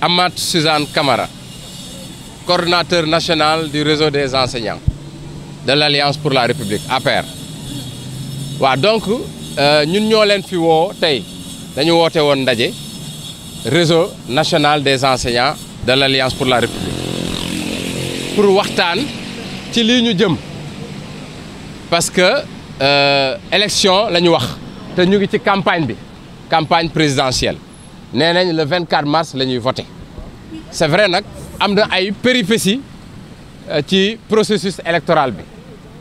Amat Suzanne Kamara, coordinateur national du réseau des enseignants de l'Alliance pour la République, APR. Voilà donc euh, nous sommes réseau national des enseignants de l'Alliance pour la République pour waxtaan ce que parce que euh, élection la ñu campagne campagne présidentielle nee le 24 mars la ñuy voté c'est vrai nag am na ay péripéties euh, ci processus électoral bi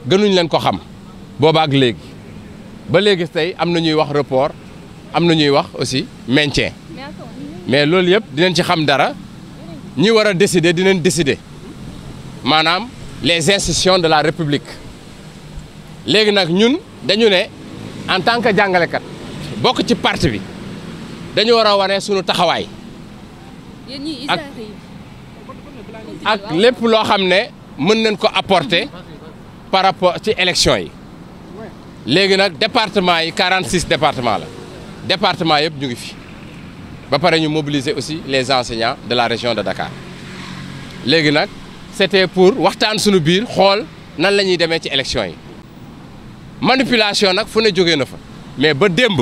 gënuñ leen ko xam boobaak léegi ba léegi tey am na ñuy wax report am na ñuy wax aussi maintien mais tout yëpp nous ci xam dara ñi war a décider dinañ décider maanaam les institutions de la république Maintenant, nous, ñun dañu en tant que jàngalekat bokk ci parti bi dañu war a wane sunu taxawaay. ak ak lépp loo xam ne mën nañ ko apporter par rapport ci élection yi légui nak département yi 46 département la département yëpp ñu ngi fi ba paré ñu mobiliser aussi les enseignants de la région de Dakar légui nak c'était pour waxtaan suñu biir xol nan lañuy démé ci élection yi manipulation nak fu ne na fa mais ba demb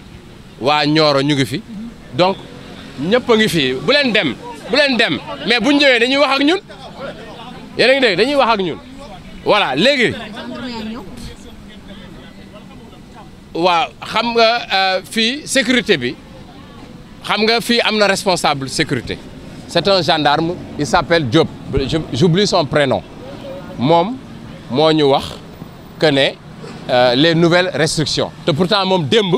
wa Nioro ñu ngi fi donc ñëpp ngi fi bu leen dem bu leen dem mais bu ñu ñëwee dañuy wax ak ñun yéen ngi dégg dañuy wax ak ñun voilà léegi. wa xam nga euh, fii sécurité bi xam nga fii am responsable sécurité c'est un gendarme il s'appelle Diop j'oublie son prénom mom moo ñu wax que ne euh, les nouvelles restrictions te pourtant moom démb.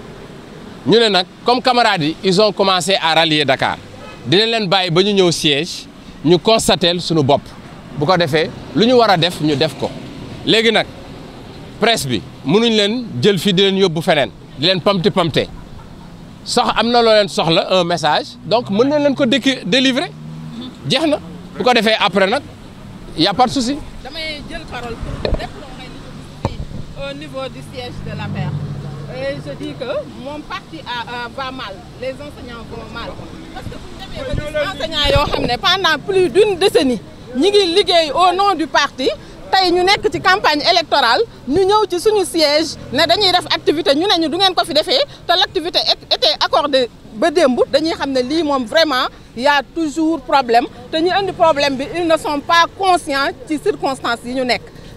Nous comme camarades ils ont commencé à rallier Dakar Nous leen bàyyi ba au siège ñu constater suñu bopp bu ko defee lu ñu wara def ñu def ko Maintenant, la presse bi mënuñ leen jël di leen les di un message donc mën pouvez leen délivrer après il n'y a pas de souci. parole pour au niveau du siège de la paix je dis que mon parti euh, va mal, les enseignants vont mal. Parce que vous savez, les enseignants pendant plus d'une décennie ils ont au nom du parti nous ñu nekk ci campagne électorale ñu ont ci suñu siège nous dañuy activité ñu ne fait du ngeen ko l'activité était accordée Nous savons dañuy vraiment il y a toujours problème problèmes. problème ils ne sont pas conscients des circonstances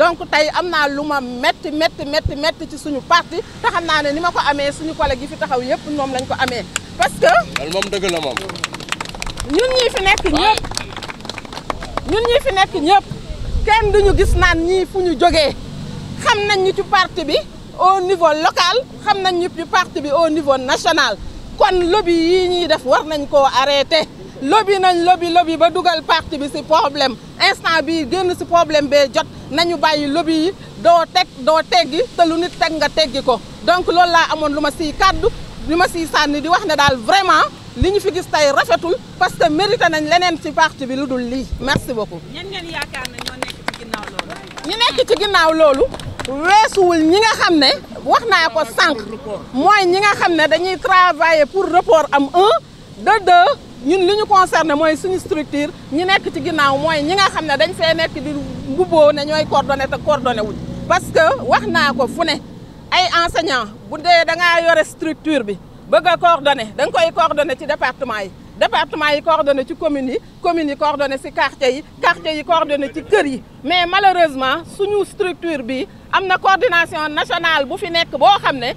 donc tay amna luma metti metti metti metti ci suñu parti te xam né nima ni ko amé suñu collègue yi fi taxaw yépp ñom lañ ko amé parce que. loolu moom la moom. ñun ñi fi nekk ñëpp ñun ñi fi nekk ñëpp kenn duñu gis naan ñi fuñu joggé xamnañ xam ñu ci parti bi au niveau local xamnañ nañ ñu ci parti bi au niveau national kon lobby yi ñi def war nañ ko arrêté. lobby nañ lobby lobby ba duggal parti bi ci problème instant bi génn ci problème bee jot nañu le lobby do doo do teggi te nga teggi ko donc loolu laa amoon lu ma siy kàddu lu ma di wax ne vraiment li fi gis parce que mérité nañ leneen ci parti bi merci beaucoup. ñan ngeen yaakaar ne ñoo nekk ci ginnaaw loolu. ñi nekk ci ginnaaw loolu weesuwul ñi nga pour report am de deux ñun li ñu concerné mooy suñu structure ñi nekk ci ginnaaw moy ñi nga xam ne dañ fee nekk di mbubboo ne ñooy coordonner. wuñ parce que waxna ko fu ne ay enseignant bu dee da nga yoré structure bi bëgg a coordonné da nga koy coordonné ci département yi département yi coordonné ci commune yi commune yi coordonné ci quartier yi quartier yi coordonné ci kër yi mais malheureusement suñu structure bi amna coordination nationale bu fi nekk bo xamné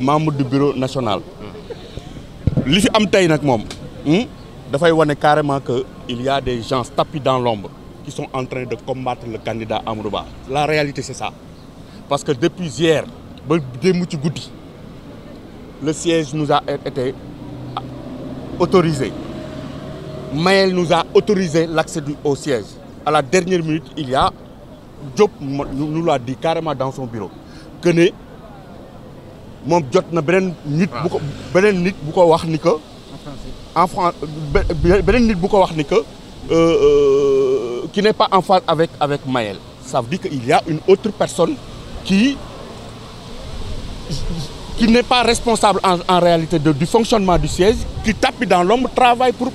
membre du bureau national Ce qui est carrément que il y a des gens tapis dans l'ombre qui sont en train de combattre le candidat Amrouba. la réalité c'est ça parce que depuis hier le siège nous a été autorisé Maël nous a autorisé l'accès au siège à la dernière minute il y a Diop nous l'a dit carrément dans son bureau que mon jot na nit en qui n'est pas en phase avec avec Mayel ça veut dire qu'il y a une autre personne qui qui n'est pas responsable en, réalité du fonctionnement du siège qui tape dans l'ombre travaille pour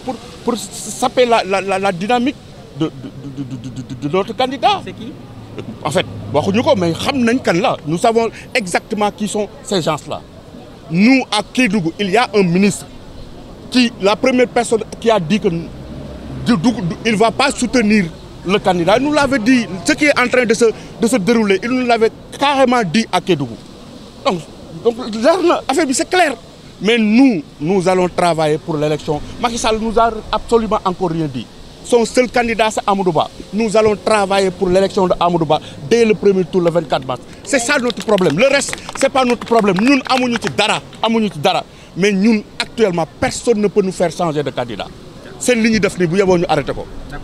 saper la dynamique de de de de de candidat. C'est qui? en fait nous savons exactement qui sont ces gens là nous à Kédougou il y a un ministre qui la première personne qui a dit qu'il ne va pas soutenir le candidat nous l'avait dit ce qui est en train de se dérouler il nous l'avait carrément dit à Kédougou donc donc c'est clair mais nous nous allons travailler pour l'élection Macky Sall nous a absolument encore rien dit son seul candidat, c'est Amoudouba. Nous allons travailler pour l'élection de dès le premier tour, le 24 mars. C'est ça notre problème. Le reste, ce n'est pas notre problème. Nous, sommes Dara, Dara. Mais nous, actuellement, personne ne peut nous faire changer de candidat. C'est une ligne de nous arrêtons.